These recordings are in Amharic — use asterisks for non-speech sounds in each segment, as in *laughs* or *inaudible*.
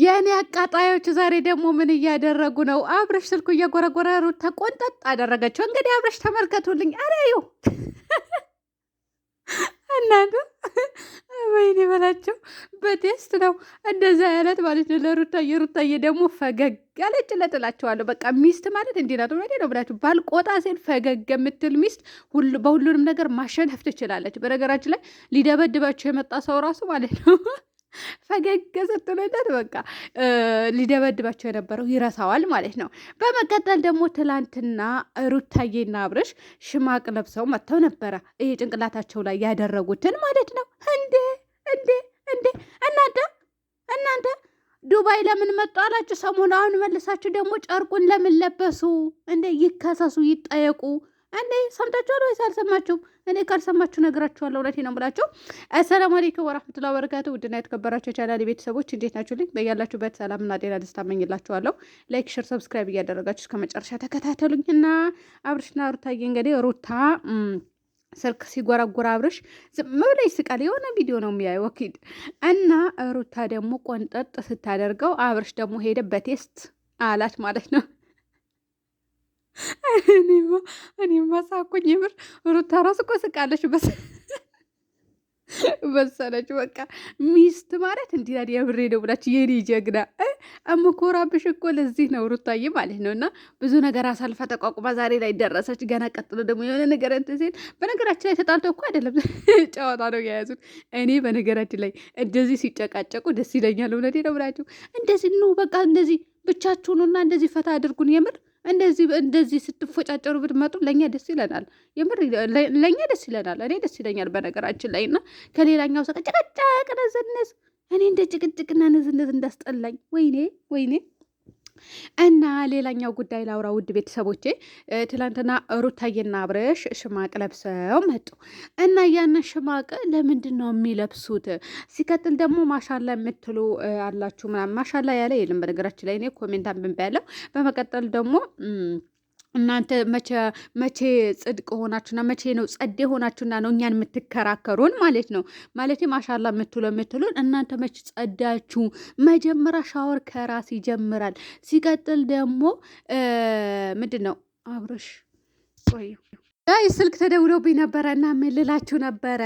የእኔ አቃጣዮች ዛሬ ደግሞ ምን እያደረጉ ነው? አብረሽ ስልኩ እየጎረጎረ ሩታ ቆንጠጥ አደረገችው። እንግዲህ አብረሽ ተመልከቱልኝ። አረዩ *laughs* እናንተ ወይኔ በላቸው በቴስት ነው እንደዛ አይነት ማለት ነው። ለሩታ የሩታዬ ደግሞ ፈገግ ያለች ለጥላቸዋለሁ። በቃ ሚስት ማለት እንዲህ ናት ነው ብላችሁ ባልቆጣ ሴን ፈገግ የምትል ሚስት በሁሉንም ነገር ማሸነፍ ትችላለች። በነገራችን ላይ ሊደበድባቸው የመጣ ሰው ራሱ ማለት ነው ፈገግ ሰጥቶለት በቃ ሊደበድባቸው የነበረው ይረሳዋል ማለት ነው። በመቀጠል ደግሞ ትላንትና ሩታዬና አብርሽ ሽማቅ ለብሰው መጥተው ነበረ። ይሄ ጭንቅላታቸው ላይ ያደረጉትን ማለት ነው። እንዴ እንዴ እንዴ! እናንተ እናንተ ዱባይ ለምን መጡ አላችሁ ሰሞኑ። አሁን መልሳችሁ ደግሞ ጨርቁን ለምን ለበሱ እንዴ? ይከሰሱ፣ ይጠየቁ። አንዴ ሰምታችኋል ወይስ አልሰማችሁም? እኔ ካልሰማችሁ ነግራችኋለሁ። እውነቴ ነው ብላችሁ። አሰላሙ አሌይኩም ወራህመቱላ ወበረካቱ። ውድና የተከበራችሁ የቻናል ቤተሰቦች እንዴት ናችሁልኝ? በያላችሁበት ሰላምና ጤና ደስታ እመኝላችኋለሁ። ላይክ፣ ሽር፣ ሰብስክራይብ እያደረጋችሁ እስከ መጨረሻ ተከታተሉኝ እና አብርሽና ሩታዬ እንግዲህ ሩታ ስልክ ሲጎረጉር አብርሽ ዝም ብሎ ይስቃል። የሆነ ቪዲዮ ነው የሚያየው ወኪድ እና ሩታ ደግሞ ቆንጠጥ ስታደርገው አብርሽ ደግሞ ሄደ በቴስት አላት ማለት ነው። እኔ ማሳኩኝ ምር ሩታ ራሱ እኮ ስቃለች። በሰለች *laughs* በቃ ሚስት ማለት እንዲህ ታዲያ ብሬ ነው ብላች የኔ ጀግና እምኮራብሽ እኮ ለዚህ ነው ሩታዬ ማለት ነው። እና ብዙ ነገር አሳልፈ ተቋቁማ ዛሬ ላይ ደረሰች። ገና ቀጥሎ ደግሞ የሆነ ነገር እንትን ሲል በነገራችን ላይ ተጣልቶ እኮ አይደለም *laughs* ጨዋታ ነው የያዙት። እኔ በነገራችን ላይ እንደዚህ ሲጨቃጨቁ ደስ ይለኛል። እውነቴ ነው ብላችሁ እንደዚህ ኑ በቃ እንደዚህ ብቻችሁኑና እንደዚህ ፈታ አድርጉን የምር እንደዚህ እንደዚህ ስትፎጫጨሩ ብትመጡ ለእኛ ደስ ይለናል። የምር ለእኛ ደስ ይለናል። እኔ ደስ ይለኛል በነገራችን ላይ እና ከሌላኛው ሰው ጭቅጭቅ፣ ንዝንዝ እኔ እንደ ጭቅጭቅና ንዝንዝ እንዳስጠላኝ ወይኔ ወይኔ እና ሌላኛው ጉዳይ ላውራ ውድ ቤተሰቦቼ ትላንትና ሩታዬና አብረሽ ሽማቅ ለብሰው መጡ እና ያን ሽማቅ ለምንድን ነው የሚለብሱት? ሲቀጥል ደግሞ ማሻላ የምትሉ አላችሁ ምናምን ማሻላ ያለ የለም። በነገራችን ላይ እኔ ኮሜንት አንብቤያለሁ። በመቀጠል ደግሞ እናንተ መቼ ጽድቅ ሆናችሁና መቼ ነው ጸዴ ሆናችሁና ነው እኛን የምትከራከሩን? ማለት ነው ማለት ማሻላ የምትሉ የምትሉን እናንተ መቼ ጸዳችሁ? መጀመሪያ ሻወር ከራስ ይጀምራል። ሲቀጥል ደግሞ ምንድን ነው አብረሽ ቆዩ ይ ስልክ ተደውሎብኝ ነበረ እና የምልላችሁ ነበረ።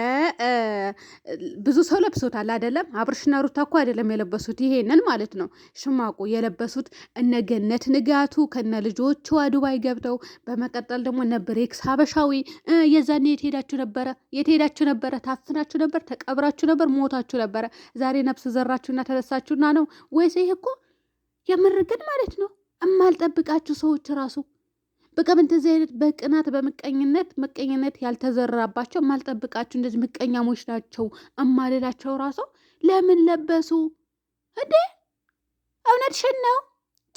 ብዙ ሰው ለብሶታል አይደለም? አብርሽና ሩታ እኮ አይደለም የለበሱት ይሄንን ማለት ነው። ሽማቁ የለበሱት እነገነት ንጋቱ ከነ ልጆቹ ዱባይ ገብተው፣ በመቀጠል ደግሞ እነ ብሬክስ ሀበሻዊ። የዛኔ የት ሄዳችሁ ነበረ? የት ሄዳችሁ ነበረ? ታፍናችሁ ነበር? ተቀብራችሁ ነበር? ሞታችሁ ነበረ? ዛሬ ነፍስ ዘራችሁና ተነሳችሁና ነው ወይስ? ይህ እኮ የምር ግን ማለት ነው የማልጠብቃችሁ ሰዎች ራሱ በቃ በእንደዚህ አይነት በቅናት በምቀኝነት ምቀኝነት ያልተዘራባቸው ማልጠብቃቸው እንደዚህ ምቀኛሞች ናቸው። እማልላቸው ራሱ ለምን ለበሱ እንዴ? እውነትሽን ነው።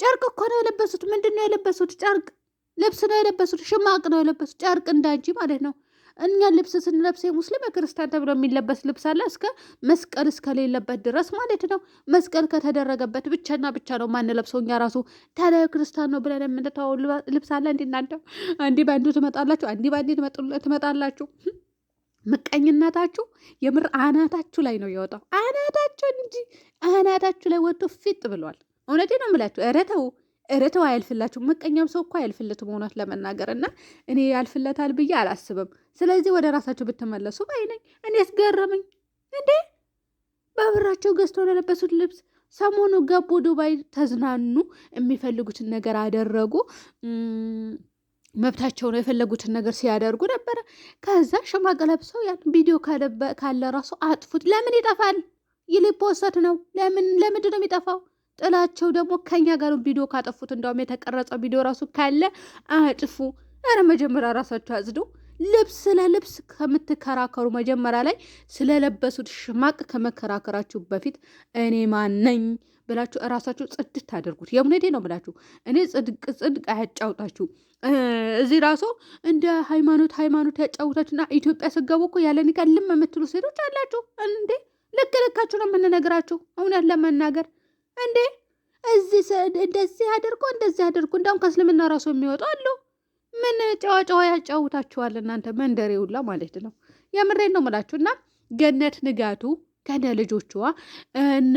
ጨርቅ እኮ ነው የለበሱት። ምንድን ነው የለበሱት? ጨርቅ ልብስ ነው የለበሱት። ሽማቅ ነው የለበሱት። ጨርቅ እንዳንቺ ማለት ነው። እኛ ልብስ ስንለብስ የሙስሊም የክርስቲያን ተብሎ የሚለበስ ልብስ አለ። እስከ መስቀል እስከሌለበት ድረስ ማለት ነው። መስቀል ከተደረገበት ብቻና ብቻ ነው ማንለብሰው። እኛ ራሱ ታዲያ ክርስቲያን ነው ብለን የምንተወው ልብስ አለ። እንዲናንተ አንዲ በአንዱ ትመጣላችሁ፣ አንዲ በአንዲ ትመጣላችሁ። ምቀኝነታችሁ የምር አናታችሁ ላይ ነው የወጣው። አናታችሁን እንጂ አናታችሁ ላይ ወጥቶ ፊጥ ብሏል። እውነቴ ነው የምላችሁ። ኧረ ተው እረተው አያልፍላችሁ። ምቀኛም ሰው እኮ አያልፍለትም እውነት ለመናገር እና እኔ ያልፍለታል ብዬ አላስብም። ስለዚህ ወደ ራሳቸው ብትመለሱ ባይ ነኝ። እኔ ያስገረመኝ እንዴ በብራቸው ገዝተው ለለበሱት ልብስ ሰሞኑ ገቡ ዱባይ፣ ተዝናኑ፣ የሚፈልጉትን ነገር አደረጉ። መብታቸውን የፈለጉትን ነገር ሲያደርጉ ነበረ። ከዛ ሽማቅ ለብሰው ያን ቪዲዮ ካለ ራሱ አጥፉት። ለምን ይጠፋል? ይልፖሰት ነው። ለምን ለምንድን ነው የሚጠፋው? ጥላቸው ደግሞ ከኛ ጋር ቪዲዮ ካጠፉት እንደውም የተቀረጸው ቪዲዮ ራሱ ካለ አጥፉ። ኧረ መጀመሪያ ራሳቸው አጽዱ። ልብስ ስለ ልብስ ከምትከራከሩ መጀመሪያ ላይ ስለለበሱት ሽማቅ ከመከራከራችሁ በፊት እኔ ማነኝ ብላችሁ እራሳችሁ ጽድት አድርጉት። የእውነቴ ነው ብላችሁ እኔ ጽድቅ ጽድቅ አያጫውታችሁ። እዚህ ራሱ እንደ ሃይማኖት ሃይማኖት ያጫውታችሁና ኢትዮጵያ ስገቡ እኮ ያለ ልም የምትሉ ሴቶች አላችሁ እንዴ! ልክ ልካችሁ ነው የምንነግራችሁ እውነት ለመናገር እንዴ እዚህ እንደዚህ አድርጎ እንደዚህ አድርጎ እንዳውም ከእስልምና ራሱ የሚወጡ አሉ። ምን ጨዋጨዋ ያጫውታችኋል እናንተ መንደሬ ሁላ ማለት ነው። የምሬን ነው የምላችሁ። እና ገነት ንጋቱ ከነ ልጆቿ እነ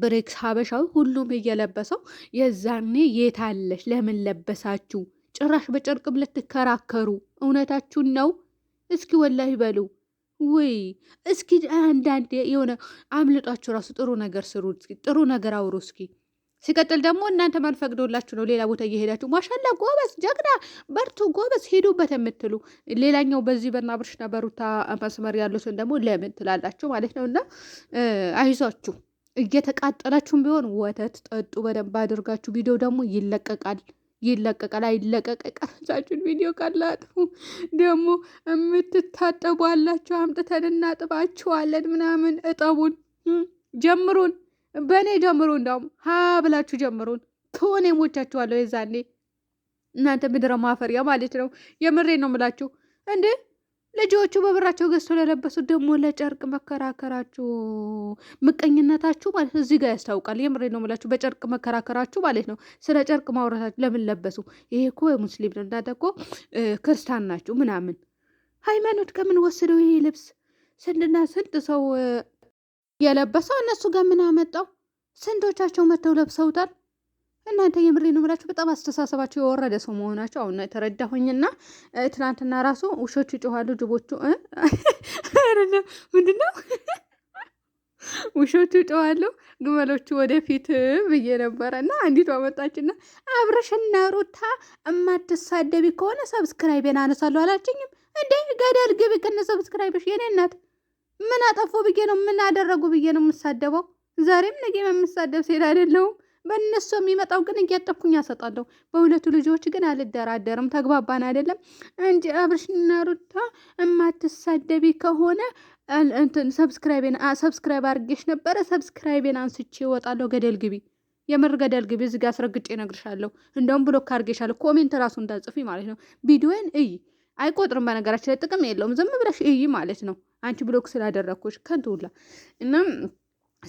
ብሬክስ ሀበሻዊ ሁሉም እየለበሰው የዛኔ የታለሽ ለምን ለበሳችሁ ጭራሽ በጨርቅም ልትከራከሩ እውነታችሁን ነው። እስኪ ወላሂ በሉ። ወይ እስኪ አንዳንዴ የሆነ አምልጧችሁ ራሱ ጥሩ ነገር ስሩ፣ ጥሩ ነገር አውሩ እስኪ። ሲቀጥል ደግሞ እናንተ ማልፈቅዶላችሁ ነው ሌላ ቦታ እየሄዳችሁ ማሻላ ጎበዝ፣ ጀግና፣ በርቱ፣ ጎበዝ ሄዱበት የምትሉ ሌላኛው በዚህ በናብርሽና በሩታ መስመር ያሉትን ደግሞ ለምን ትላላችሁ ማለት ነው። እና አይዟችሁ፣ እየተቃጠላችሁም ቢሆን ወተት ጠጡ በደንብ አድርጋችሁ። ቪዲዮ ደግሞ ይለቀቃል። ይለቀቃል አይለቀቀ ቀረጻችሁን ቪዲዮ ካላጥፉ ደግሞ የምትታጠቡ አላችሁ አምጥተን እናጥባችኋለን ምናምን። እጠቡን፣ ጀምሩን፣ በእኔ ጀምሩ፣ እንዳውም ሀ ብላችሁ ጀምሩን። ትሆን የሞቻችኋለሁ የዛኔ እናንተ ምድረ ማፈሪያ ማለት ነው። የምሬ ነው የምላችሁ እንዴ ልጆቹ በብራቸው ገዝቶ ለለበሱት ደግሞ ለጨርቅ መከራከራችሁ ምቀኝነታችሁ ማለት እዚህ ጋር ያስታውቃል። የምሬ ነው የምላችሁ። በጨርቅ መከራከራችሁ ማለት ነው። ስለ ጨርቅ ማውራታችሁ ለምን ለበሱ? ይሄ እኮ ሙስሊም ነው እንዳንተ እኮ ክርስቲያን ናችሁ ምናምን። ሃይማኖት ከምን ወስደው ይሄ ልብስ ስንትና ስንት ሰው የለበሰው እነሱ ጋር ምን አመጣው? ስንዶቻቸው መጥተው ለብሰውታል? እናንተ የምሬ ነው የምላችሁ በጣም አስተሳሰባቸው የወረደ ሰው መሆናቸው አሁን የተረዳሁኝና ትናንትና ራሱ ውሾቹ ይጮኋሉ፣ ጅቦቹ ምንድን *laughs* ነው *laughs* ውሾቹ ይጮኋሉ፣ ግመሎቹ ወደፊት ብዬ ነበረ እና አንዲቱ አመጣችና አብረሽና ሩታ እማትሳደቢ ከሆነ ሰብስክራይቤን አነሳለሁ አላችኝም እንዴ? ገደል ግቢ ከነ ሰብስክራይብሽ የኔ እናት። ምን አጠፎ ብዬ ነው ምን አደረጉ ብዬ ነው የምሳደበው? ዛሬም ነገ የምሳደብ ሴት አይደለሁም። በእነሱ የሚመጣው ግን እያጠብኩኝ አሰጣለሁ። በሁለቱ ልጆች ግን አልደራደርም። ተግባባን አይደለም እንጂ አብርሽና ሩታ የማትሳደቢ ከሆነ እንትን ሰብስክራይቤን ሰብስክራይብ አድርጌሽ ነበረ። ሰብስክራይቤን አንስቼ እወጣለሁ። ገደል ግቢ፣ የምር ገደል ግቢ። እዚህ ጋር አስረግጬ እነግርሻለሁ። እንደውም ብሎክ አድርጌሻለሁ። ኮሜንት ራሱ እንዳጽፊ ማለት ነው። ቪዲዮን እይ፣ አይቆጥርም። በነገራችን ላይ ጥቅም የለውም። ዝም ብለሽ እይ ማለት ነው። አንቺ ብሎክ ስላደረግኩሽ ከንቱ ሁላ እና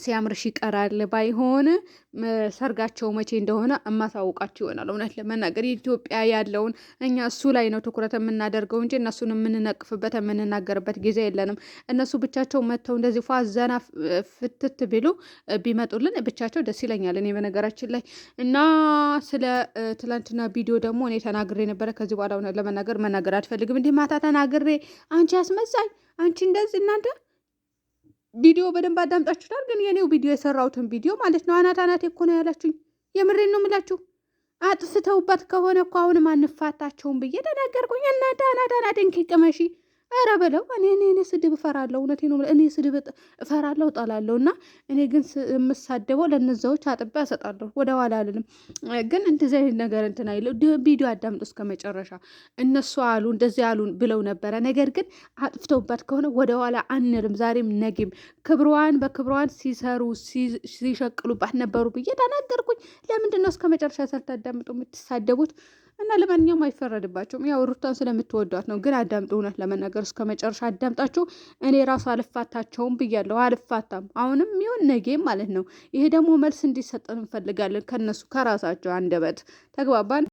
ሲያምርሽ ይቀራል። ባይሆን ሰርጋቸው መቼ እንደሆነ እማሳውቃቸው ይሆናል። እውነት ለመናገር ኢትዮጵያ ያለውን እኛ እሱ ላይ ነው ትኩረት የምናደርገው እንጂ እነሱን የምንነቅፍበት የምንናገርበት ጊዜ የለንም። እነሱ ብቻቸው መጥተው እንደዚህ ፏ ዘና ፍትት ቢሉ ቢመጡልን ብቻቸው ደስ ይለኛል። እኔ በነገራችን ላይ እና ስለ ትላንትና ቪዲዮ ደግሞ እኔ ተናግሬ ነበረ። ከዚህ በኋላ እውነት ለመናገር መናገር አልፈልግም። እንዲህ ማታ ተናግሬ አንቺ አስመሳይ፣ አንቺ እንደዚህ እናንተ ቪዲዮ በደንብ አዳምጣችሁታል። ግን የኔው ቪዲዮ የሰራሁትን ቪዲዮ ማለት ነው አናት አናቴ እኮ ነው ያላችሁኝ። የምሬን ነው የምላችሁ። አጥስተውበት ከሆነ እኮ አሁንም አንፋታቸውም ብዬ ተናገርኩኝ። እናንተ አናት አናቴን ቅመሺ ኧረ በለው እኔ እኔ እኔ ስድብ እፈራለሁ። እውነቴ ነው። እኔ ስድብ እፈራለሁ እጠላለሁ። እና እኔ ግን የምሳደበው ለነዛዎች አጥቤ አሰጣለሁ። ወደ ኋላ አልልም። ግን እንደዚህ አይነት ነገር እንትን አይለው። ቪዲዮ አዳምጡ እስከ መጨረሻ። እነሱ አሉ እንደዚህ አሉ ብለው ነበረ። ነገር ግን አጥፍተውባት ከሆነ ወደ ኋላ አንልም። ዛሬም ነጌም ክብሯን በክብሯን ሲሰሩ ሲሸቅሉባት ነበሩ ብዬ ተናገርኩኝ። ለምንድን ነው እስከ መጨረሻ ሳልታዳምጡ የምትሳደቡት? እና ለማንኛውም አይፈረድባቸውም። ያው ሩታን ስለምትወዷት ነው። ግን አዳምጡ። እውነት ለመናገር እስከ መጨረሻ አዳምጣችሁ እኔ ራሱ አልፋታቸውም ብያለሁ። አልፋታም አሁንም ይሁን ነጌም ማለት ነው። ይሄ ደግሞ መልስ እንዲሰጠን እንፈልጋለን ከነሱ ከራሳቸው አንደበት ተግባባን።